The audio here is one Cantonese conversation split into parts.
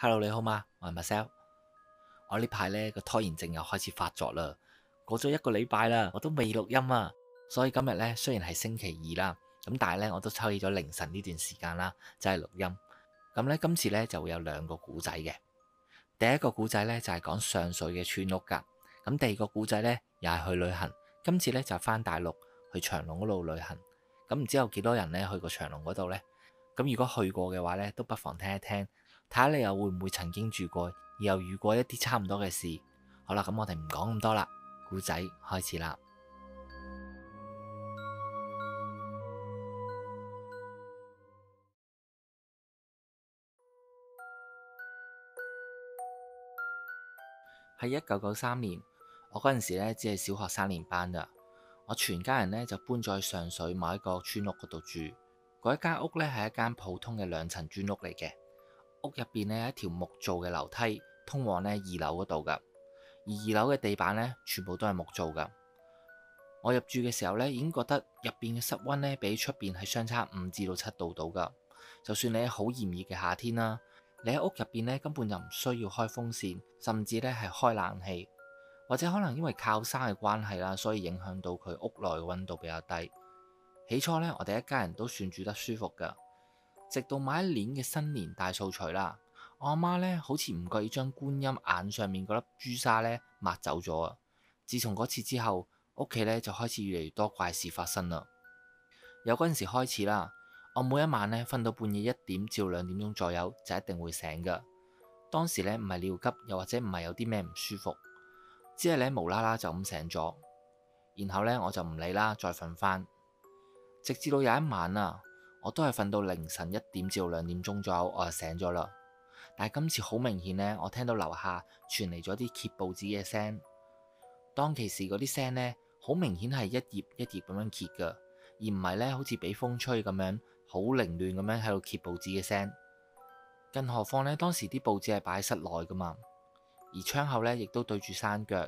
Hello，你好嗎？我係 Marcel。我呢排呢個拖延症又開始發作啦，過咗一個禮拜啦，我都未錄音啊。所以今日呢，雖然係星期二啦，咁但係呢，我都抽起咗凌晨呢段時間啦，就係、是、錄音。咁呢，今次呢就會有兩個故仔嘅。第一個故仔呢，就係講上水嘅村屋噶，咁第二個故仔呢，又係去旅行。今次呢，就翻大陸去長隆嗰度旅行。咁唔知有幾多人呢，去過長隆嗰度呢？咁如果去過嘅話呢，都不妨聽一聽。睇下你又會唔會曾經住過，又遇過一啲差唔多嘅事。好啦，咁我哋唔講咁多啦，故仔開始啦。喺一九九三年，我嗰陣時呢只係小學三年班啦。我全家人呢就搬咗去上水某一個村屋嗰度住。嗰一間屋呢係一間普通嘅兩層磚屋嚟嘅。屋入邊咧一條木造嘅樓梯通往咧二樓嗰度噶，而二樓嘅地板咧全部都係木造噶。我入住嘅時候咧已經覺得入邊嘅室温咧比出邊係相差五至到七度度噶。就算你係好炎熱嘅夏天啦，你喺屋入邊咧根本就唔需要開風扇，甚至咧係開冷氣，或者可能因為靠山嘅關係啦，所以影響到佢屋內嘅温度比較低。起初呢，我哋一家人都算住得舒服噶。直到某一年嘅新年大掃除啦，我阿媽咧，好似唔覺意將觀音眼上面嗰粒朱砂咧抹走咗。自從嗰次之後，屋企咧就開始越嚟越多怪事發生啦。由嗰陣時開始啦，我每一晚咧瞓到半夜一點至兩點鐘左右就一定會醒㗎。當時咧唔係尿急，又或者唔係有啲咩唔舒服，只係咧無啦啦就咁醒咗，然後咧我就唔理啦，再瞓翻。直至到有一晚啊。我都係瞓到凌晨一點至到兩點鐘左右，我就醒咗啦。但係今次好明顯呢，我聽到樓下傳嚟咗啲揭報紙嘅聲。當其時嗰啲聲呢，好明顯係一頁一頁咁樣揭噶，而唔係呢，好似俾風吹咁樣好凌亂咁樣喺度揭報紙嘅聲。更何況呢，當時啲報紙係擺喺室內噶嘛，而窗口呢，亦都對住山腳，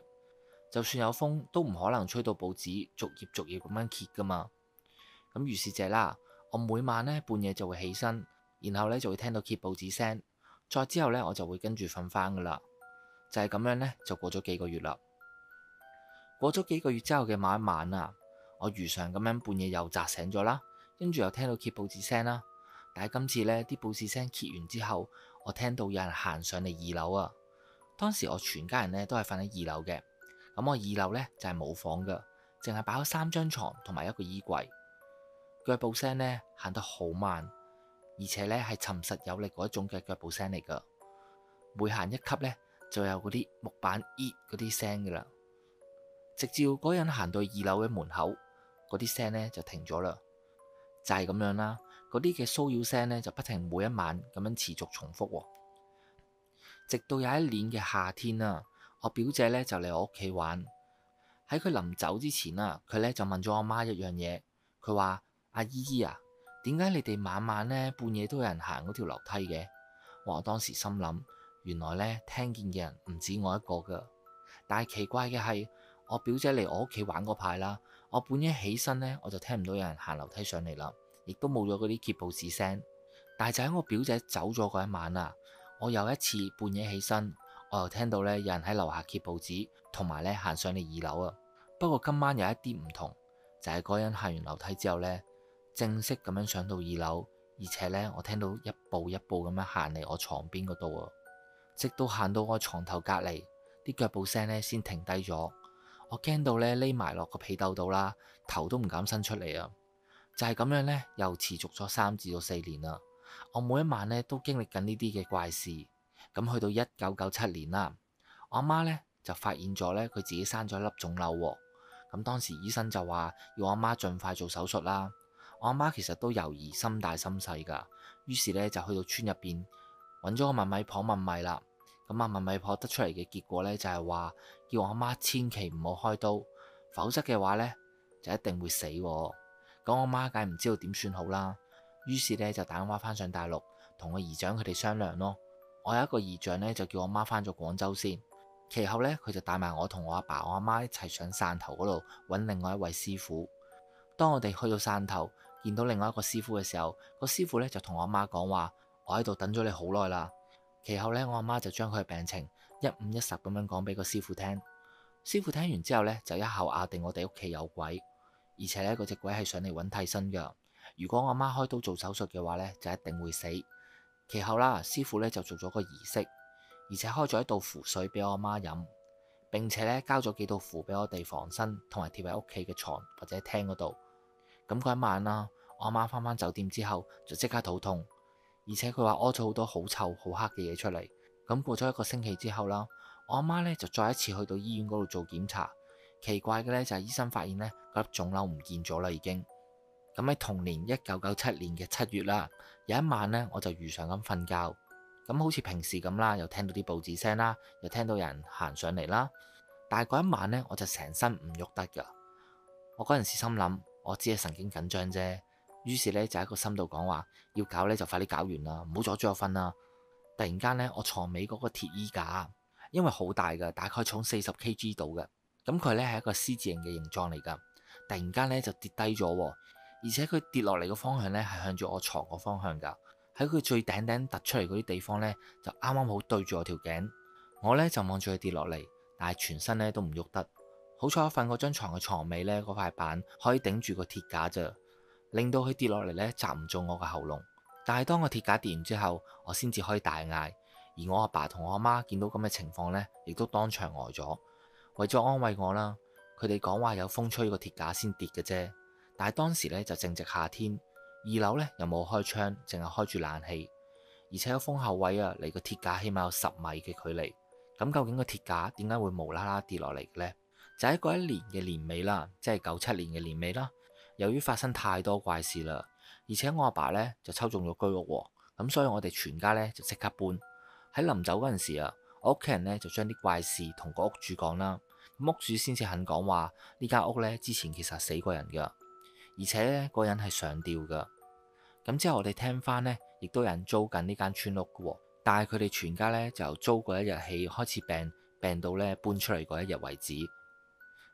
就算有風都唔可能吹到報紙逐頁逐頁咁樣揭噶嘛。咁，於是者係啦。我每晚咧半夜就會起身，然後咧就會聽到揭報紙聲，再之後咧我就會跟住瞓翻噶啦，就係咁樣咧就過咗幾個月啦。過咗幾個月之後嘅某一晚啊，我如常咁樣半夜又擲醒咗啦，跟住又聽到揭報紙聲啦。但係今次咧，啲報紙聲揭完之後，我聽到有人行上嚟二樓啊。當時我全家人咧都係瞓喺二樓嘅，咁我二樓咧就係冇房噶，淨係擺咗三張床同埋一個衣櫃。腳步聲咧行得好慢，而且咧係沉實有力嗰一種嘅腳步聲嚟噶。每行一級咧，就有嗰啲木板「E」嗰啲聲噶啦。直至嗰人行到二樓嘅門口，嗰啲聲咧就停咗啦。就係咁樣啦，嗰啲嘅騷擾聲咧就不停每一晚咁樣持續重複。直到有一年嘅夏天啊，我表姐咧就嚟我屋企玩。喺佢臨走之前啊，佢咧就問咗我媽一樣嘢，佢話。阿姨姨啊，點解你哋晚晚咧半夜都有人行嗰條樓梯嘅？我當時心諗，原來咧聽見嘅人唔止我一個噶。但係奇怪嘅係，我表姐嚟我屋企玩嗰排啦，我半夜起身咧，我就聽唔到有人行樓梯上嚟啦，亦都冇咗嗰啲揭報紙聲。但係就喺我表姐走咗嗰一晚啊，我又一次半夜起身，我又聽到咧有人喺樓下揭報紙，同埋咧行上嚟二樓啊。不過今晚有一啲唔同，就係嗰人行完樓梯之後咧。正式咁樣上到二樓，而且呢，我聽到一步一步咁樣行嚟,我床邊嗰度啊，直到行到我床頭隔離，啲腳步聲呢先停低咗。我驚到呢匿埋落個被竇度啦，頭都唔敢伸出嚟啊。就係咁樣呢，又持續咗三至到四年啦。我每一晚呢都經歷緊呢啲嘅怪事。咁去到一九九七年啦，我阿媽呢就發現咗呢，佢自己生咗一粒腫瘤。咁當時醫生就話要我阿媽盡快做手術啦。我阿媽其實都猶豫心大心細噶，於是咧就去到村入邊揾咗個問米婆問米啦。咁啊問米婆得出嚟嘅結果咧就係話，叫我阿媽千祈唔好開刀，否則嘅話咧就一定會死。咁我阿媽梗係唔知道點算好啦。於是咧就帶阿媽翻上大陸，同我姨丈佢哋商量咯。我有一個姨丈咧就叫我媽翻咗廣州先，其後咧佢就帶埋我同我阿爸、我阿媽一齊上汕頭嗰度揾另外一位師傅。當我哋去到汕頭，見到另外一個師傅嘅時候，個師傅咧就同我阿媽講話，我喺度等咗你好耐啦。其後咧，我阿媽就將佢嘅病情一五一十咁樣講俾個師傅聽。師傅聽完之後咧，就一口咬定我哋屋企有鬼，而且咧嗰隻鬼係上嚟揾替身嘅。如果我阿媽開刀做手術嘅話咧，就一定會死。其後啦，師傅咧就做咗個儀式，而且開咗一道符水俾我阿媽飲，並且咧交咗幾道符俾我哋防身，同埋貼喺屋企嘅床或者廳嗰度。咁嗰一晚啦，我阿媽翻返酒店之後就即刻肚痛，而且佢話屙咗好多好臭好黑嘅嘢出嚟。咁過咗一個星期之後啦，我阿媽呢，就再一次去到醫院嗰度做檢查。奇怪嘅呢，就係醫生發現呢，嗰粒腫瘤唔見咗啦已經。咁喺同年一九九七年嘅七月啦。有一晚呢，我就如常咁瞓覺，咁好似平時咁啦，又聽到啲報紙聲啦，又聽到人行上嚟啦。但係嗰一晚呢，我就成身唔喐得噶，我嗰陣時心諗。我只係神經緊張啫，於是咧就喺個心度講話，要搞咧就快啲搞完啦，唔好阻住我瞓啦。突然間咧，我牀尾嗰個鐵衣架，因為好大嘅，大概重四十 K G 度嘅，咁佢咧係一個獅字形嘅形狀嚟噶。突然間咧就跌低咗，而且佢跌落嚟嘅方向咧係向住我床個方向噶。喺佢最頂頂突出嚟嗰啲地方咧，就啱啱好對住我條頸。我咧就望住佢跌落嚟，但係全身咧都唔喐得。好彩，我瞓嗰張牀嘅床尾呢，嗰塊板可以頂住個鐵架咋，令到佢跌落嚟呢，砸唔中我嘅喉嚨。但係當個鐵架跌完之後，我先至可以大嗌。而我阿爸同我阿媽見到咁嘅情況呢，亦都當場呆咗。為咗安慰我啦，佢哋講話有風吹個鐵架先跌嘅啫。但係當時呢，就正值夏天，二樓呢又冇開窗，淨係開住冷氣，而且個風口位啊，離個鐵架起碼有十米嘅距離。咁究竟個鐵架點解會無啦啦跌落嚟呢？就喺嗰一年嘅年尾啦，即係九七年嘅年尾啦。由於發生太多怪事啦，而且我阿爸咧就抽中咗居屋，咁所以我哋全家咧就即刻搬。喺臨走嗰陣時啊，我屋企人咧就將啲怪事同個屋主講啦。屋主先至肯講話呢間屋咧之前其實死過人噶，而且咧嗰人係上吊噶。咁之後我哋聽翻咧，亦都有人租緊呢間村屋，但係佢哋全家咧就由租嗰一日起開始病，病到咧搬出嚟嗰一日為止。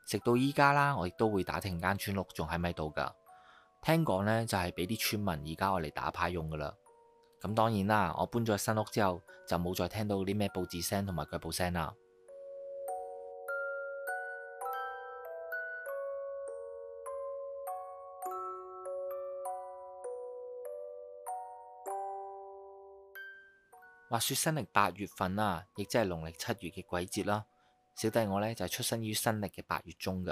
直到依家啦，我亦都會打聽間村屋仲喺咪度噶。聽講呢，就係俾啲村民而家我嚟打牌用噶啦。咁當然啦，我搬咗新屋之後，就冇再聽到啲咩報紙聲同埋腳步聲啦。話說新曆八月份啊，亦即係農曆七月嘅鬼節啦。小弟我咧就係出生於新曆嘅八月中噶，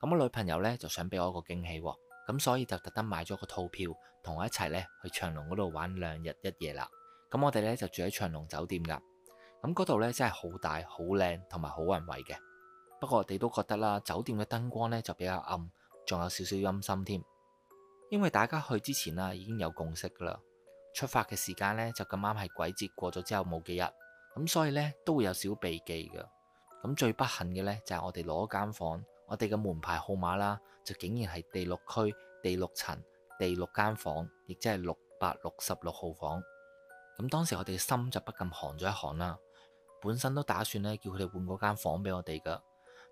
咁我女朋友咧就想俾我一個驚喜，咁所以就特登買咗個套票同我一齊咧去長隆嗰度玩兩日一夜啦。咁我哋咧就住喺長隆酒店噶，咁嗰度咧真係好大、好靚同埋好宏偉嘅。不過我哋都覺得啦，酒店嘅燈光咧就比較暗，仲有少少陰森添。因為大家去之前啦已經有共識啦，出發嘅時間咧就咁啱係鬼節過咗之後冇幾日，咁所以咧都會有少少避忌嘅。咁最不幸嘅呢，就係我哋攞間房，我哋嘅門牌號碼啦，就竟然係第六區、第六層、第六間房，亦即係六百六十六號房。咁當時我哋心就不禁寒咗一寒啦。本身都打算呢叫佢哋換嗰間房俾我哋噶，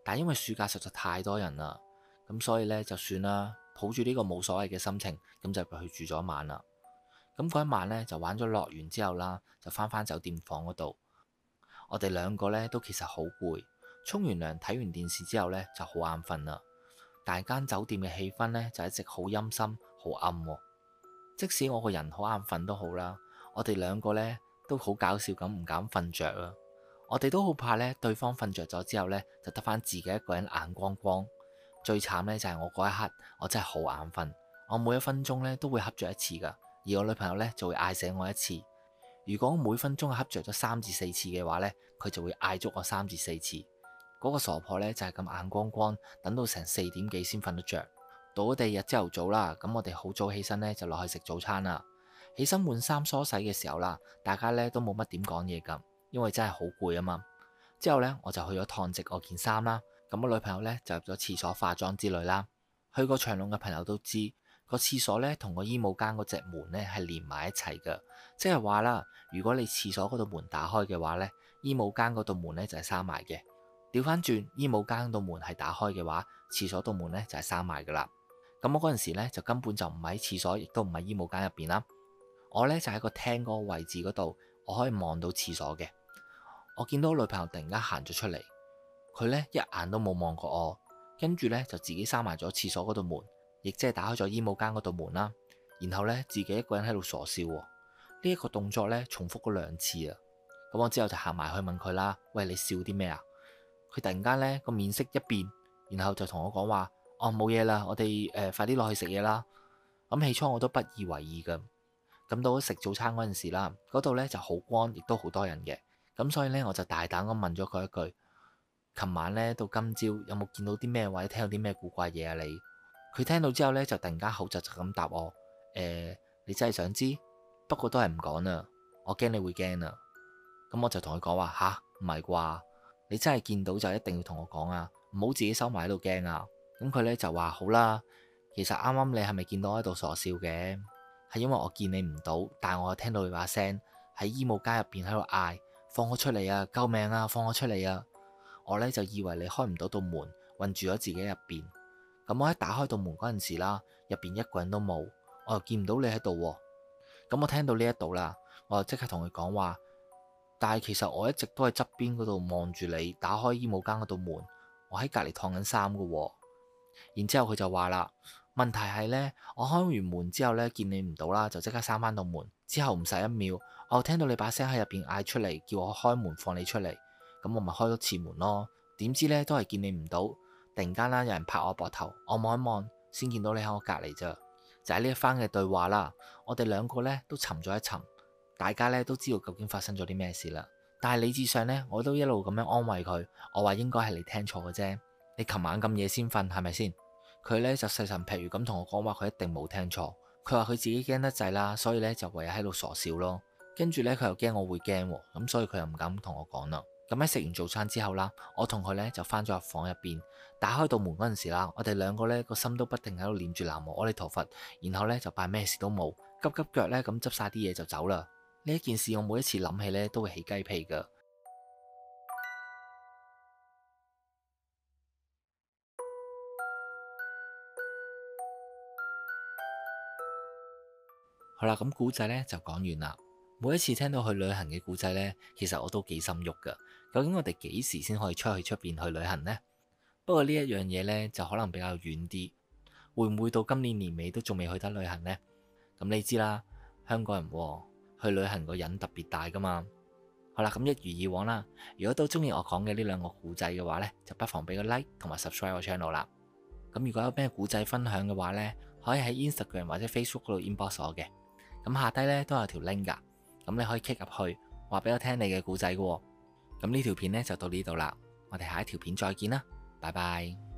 但係因為暑假實在太多人啦，咁所以呢，就算啦，抱住呢個冇所謂嘅心情，咁就入去住咗一晚啦。咁嗰一晚呢，就玩咗樂園之後啦，就翻返酒店房嗰度。我哋兩個咧都其實好攰，沖完涼睇完電視之後咧就好眼瞓啦。但間酒店嘅氣氛咧就一直好陰森、好暗。即使我個人好眼瞓都好啦，我哋兩個咧都好搞笑咁唔敢瞓着啊！我哋都好怕咧，對方瞓着咗之後咧就得翻自己一個人眼光光。最慘咧就係我嗰一刻，我真係好眼瞓，我每一分鐘咧都會恰着一次噶，而我女朋友咧就會嗌醒我一次。如果每分鐘瞌着咗三至四次嘅話呢，佢就會嗌足我三至四次。嗰個傻婆呢，就係咁眼光光，等到成四點幾先瞓得着。到咗第二日朝頭早啦，咁我哋好早起身呢，就落去食早餐啦。起身換衫梳洗嘅時候啦，大家咧都冇乜點講嘢咁，因為真係好攰啊嘛。之後呢，我就去咗燙直我件衫啦。咁我女朋友呢，就入咗廁所化妝之類啦。去過長隆嘅朋友都知。個廁所咧同個衣帽間嗰隻門咧係連埋一齊嘅，即係話啦，如果你廁所嗰度門打開嘅話咧，衣帽間嗰度門咧就係閂埋嘅。調翻轉，衣帽間度門係打開嘅話，廁所度門咧就係閂埋噶啦。咁我嗰陣時咧就根本就唔喺廁所亦都唔喺衣帽間入邊啦。我咧就喺個廳嗰個位置嗰度，我可以望到廁所嘅。我見到我女朋友突然間行咗出嚟，佢咧一眼都冇望過我，跟住咧就自己閂埋咗廁所嗰度門。亦即係打開咗衣帽間嗰道門啦，然後呢，自己一個人喺度傻笑。呢一個動作呢，重複咗兩次啊。咁我之後就行埋去問佢啦：，喂，你笑啲咩啊？佢突然間呢個面色一變，然後就同我講話：，哦，冇嘢啦，我哋快啲落去食嘢啦。咁起初我都不以為意噶，咁到食早餐嗰陣時啦，嗰度呢就好光，亦都好多人嘅，咁所以呢，我就大膽咁問咗佢一句：，琴晚呢，到今朝有冇見到啲咩或者聽到啲咩古怪嘢啊？你？佢聽到之後咧，就突然間口窒窒咁答我：，誒、欸，你真係想知，不過都係唔講啦，我驚你會驚啦。咁我就同佢講話吓，唔係啩？你真係見到就一定要同我講啊，唔好自己收埋喺度驚啊。咁佢咧就話好啦。其實啱啱你係咪見到喺度傻笑嘅？係因為我見你唔到，但係我又聽到你把聲喺衣帽間入邊喺度嗌放我出嚟啊！救命啊！放我出嚟啊！我咧就以為你開唔到道門，困住咗自己入邊。咁我喺打開道門嗰陣時啦，入邊一個人都冇，我又見唔到你喺度。咁我聽到呢一度啦，我就即刻同佢講話。但係其實我一直都喺側邊嗰度望住你打開衣帽間嗰道門，我喺隔籬燙緊衫噶。然之後佢就話啦，問題係呢，我開完門之後呢，見你唔到啦，就即刻閂翻道門。之後唔使一秒，我又聽到你把聲喺入邊嗌出嚟，叫我開門放你出嚟。咁我咪開咗次門咯，點知呢，都係見你唔到。突然間啦，有人拍我膊頭，我望一望，先見到你喺我隔籬咋。就喺呢一番嘅對話啦，我哋兩個咧都沉咗一沉，大家咧都知道究竟發生咗啲咩事啦。但係理智上咧，我都一路咁樣安慰佢，我話應該係你聽錯嘅啫。你琴晚咁夜先瞓，係咪先？佢咧就細神譬如咁同我講話，佢一定冇聽錯。佢話佢自己驚得滯啦，所以咧就唯有喺度傻笑咯。跟住咧，佢又驚我會驚，咁所以佢又唔敢同我講啦。咁喺食完早餐之後啦，我同佢呢就返咗入房入邊，打開道門嗰陣時啦，我哋兩個呢個心都不停喺度念住南無阿彌陀佛，然後呢就扮咩事都冇，急急腳呢咁執晒啲嘢就走啦。呢一件事我每一次諗起呢都會起雞皮噶。 好啦，咁古仔呢就講完啦。每一次聽到去旅行嘅古仔呢，其實我都幾心喐噶。究竟我哋幾時先可以出去出邊去旅行呢？不過呢一樣嘢呢，就可能比較遠啲，會唔會到今年年尾都仲未去得旅行呢？咁你知啦，香港人去旅行個癮特別大噶嘛。好啦，咁一如以往啦，如果都中意我講嘅呢兩個古仔嘅話呢，就不妨俾個 like 同埋 subscribe 我 channel 啦。咁如果有咩古仔分享嘅話呢，可以喺 Instagram 或者 Facebook 度 inbox 我嘅。咁下低呢，都有條 link 噶，咁你可以 click 入去，話俾我聽你嘅古仔噶。咁呢條片呢就到呢度啦，我哋下一條片再見啦，拜拜。